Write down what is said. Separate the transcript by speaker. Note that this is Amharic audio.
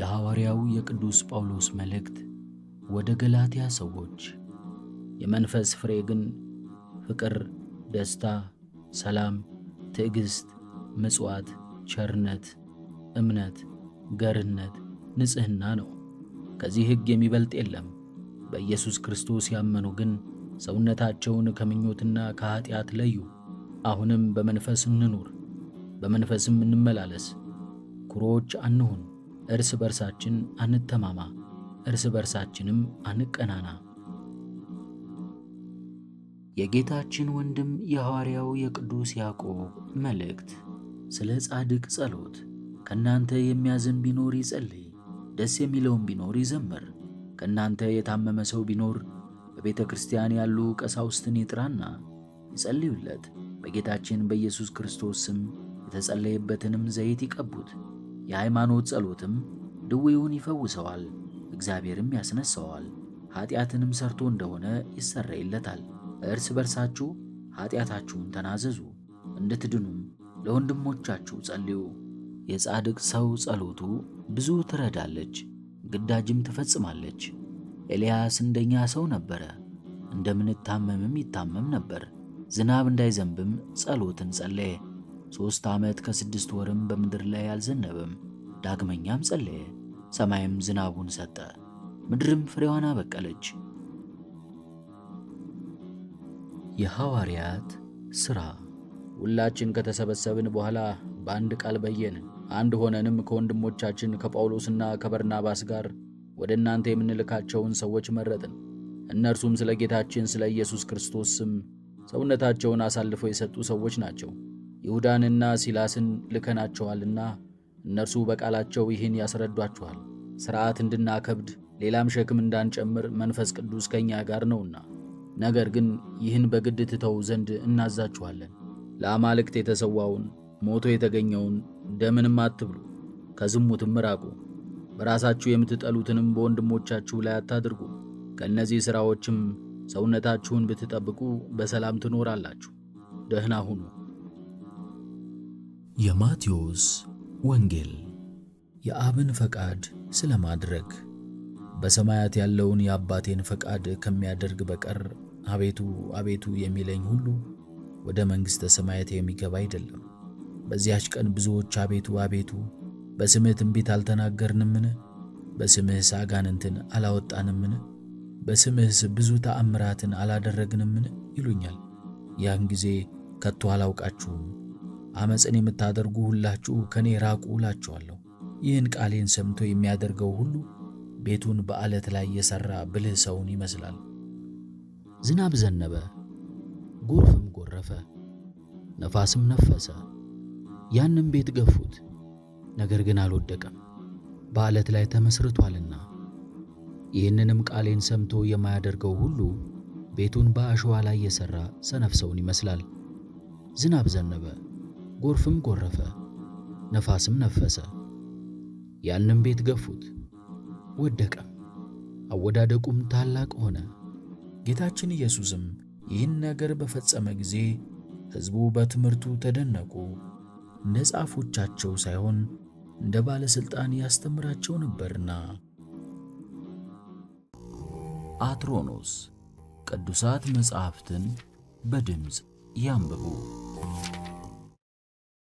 Speaker 1: የሐዋርያው የቅዱስ ጳውሎስ መልእክት ወደ ገላትያ ሰዎች። የመንፈስ ፍሬ ግን ፍቅር፣ ደስታ፣ ሰላም፣ ትዕግሥት፣ ምጽዋት፣ ቸርነት፣ እምነት፣ ገርነት፣ ንጽሕና ነው። ከዚህ ሕግ የሚበልጥ የለም። በኢየሱስ ክርስቶስ ያመኑ ግን ሰውነታቸውን ከምኞትና ከኀጢአት ለዩ። አሁንም በመንፈስ እንኑር፣ በመንፈስም እንመላለስ። ኩሮዎች አንሁን እርስ በርሳችን አንተማማ፣ እርስ በርሳችንም አንቀናና። የጌታችን ወንድም የሐዋርያው የቅዱስ ያዕቆብ መልእክት። ስለ ጻድቅ ጸሎት። ከእናንተ የሚያዝን ቢኖር ይጸልይ፣ ደስ የሚለውም ቢኖር ይዘምር። ከእናንተ የታመመ ሰው ቢኖር በቤተ ክርስቲያን ያሉ ቀሳውስትን ይጥራና ይጸልዩለት፣ በጌታችን በኢየሱስ ክርስቶስ ስም የተጸለየበትንም ዘይት ይቀቡት። የሃይማኖት ጸሎትም ድዌውን ይፈውሰዋል፣ እግዚአብሔርም ያስነሳዋል። ኃጢአትንም ሰርቶ እንደሆነ ይሰረይለታል። እርስ በርሳችሁ ኃጢአታችሁን ተናዘዙ፣ እንድትድኑም ለወንድሞቻችሁ ጸልዩ። የጻድቅ ሰው ጸሎቱ ብዙ ትረዳለች፣ ግዳጅም ትፈጽማለች። ኤልያስ እንደኛ ሰው ነበረ፣ እንደምንታመምም ይታመም ነበር። ዝናብ እንዳይዘንብም ጸሎትን ጸለየ። ሦስት ዓመት ከስድስት ወርም በምድር ላይ አልዘነበም። ዳግመኛም ጸለየ፣ ሰማይም ዝናቡን ሰጠ፣ ምድርም ፍሬዋን አበቀለች። የሐዋርያት ሥራ ሁላችን ከተሰበሰብን በኋላ በአንድ ቃል በየን፣ አንድ ሆነንም ከወንድሞቻችን ከጳውሎስና ከበርናባስ ጋር ወደ እናንተ የምንልካቸውን ሰዎች መረጥን። እነርሱም ስለ ጌታችን ስለ ኢየሱስ ክርስቶስ ስም ሰውነታቸውን አሳልፈው የሰጡ ሰዎች ናቸው። ይሁዳንና ሲላስን ልከናቸዋልና እነርሱ በቃላቸው ይህን ያስረዷችኋል። ሥርዓት እንድናከብድ ሌላም ሸክም እንዳንጨምር መንፈስ ቅዱስ ከእኛ ጋር ነውና። ነገር ግን ይህን በግድ ትተው ዘንድ እናዛችኋለን። ለአማልክት የተሰዋውን ሞቶ የተገኘውን ደምንም አትብሉ፣ ከዝሙትም ራቁ። በራሳችሁ የምትጠሉትንም በወንድሞቻችሁ ላይ አታድርጉ። ከእነዚህ ሥራዎችም ሰውነታችሁን ብትጠብቁ በሰላም ትኖራላችሁ። ደህና ሁኑ። የማቴዎስ ወንጌል የአብን ፈቃድ ስለማድረግ በሰማያት ያለውን የአባቴን ፈቃድ ከሚያደርግ በቀር አቤቱ አቤቱ የሚለኝ ሁሉ ወደ መንግሥተ ሰማያት የሚገባ አይደለም። በዚያች ቀን ብዙዎች አቤቱ አቤቱ በስምህ ትንቢት አልተናገርንምን? በስምህስ አጋንንትን አላወጣንምን? በስምህስ ብዙ ተአምራትን አላደረግንምን? ይሉኛል። ያን ጊዜ ከቶ አላውቃችሁም ዓመፅን የምታደርጉ ሁላችሁ ከእኔ ራቁ እላችኋለሁ። ይህን ቃሌን ሰምቶ የሚያደርገው ሁሉ ቤቱን በዓለት ላይ የሠራ ብልህ ሰውን ይመስላል። ዝናብ ዘነበ፣ ጎርፍም ጎረፈ፣ ነፋስም ነፈሰ፣ ያንም ቤት ገፉት፣ ነገር ግን አልወደቀም፣ በዓለት ላይ ተመስርቷልና። ይህንንም ቃሌን ሰምቶ የማያደርገው ሁሉ ቤቱን በአሸዋ ላይ የሠራ ሰነፍ ሰውን ይመስላል። ዝናብ ዘነበ ጎርፍም ጎረፈ፣ ነፋስም ነፈሰ። ያንም ቤት ገፉት፣ ወደቀም፣ አወዳደቁም ታላቅ ሆነ። ጌታችን ኢየሱስም ይህን ነገር በፈጸመ ጊዜ ሕዝቡ በትምህርቱ ተደነቁ። እንደ ጻፎቻቸው ሳይሆን እንደ ባለሥልጣን ያስተምራቸው ነበርና። አትሮኖስ ቅዱሳት መጻሕፍትን በድምፅ ያንብቡ።